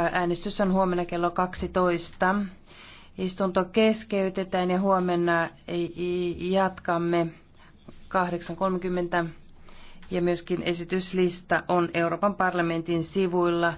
Äänestys on huomenna kello 12. Istunto keskeytetään ja huomenna jatkamme 8.30 ja myöskin esityslista on Euroopan parlamentin sivuilla.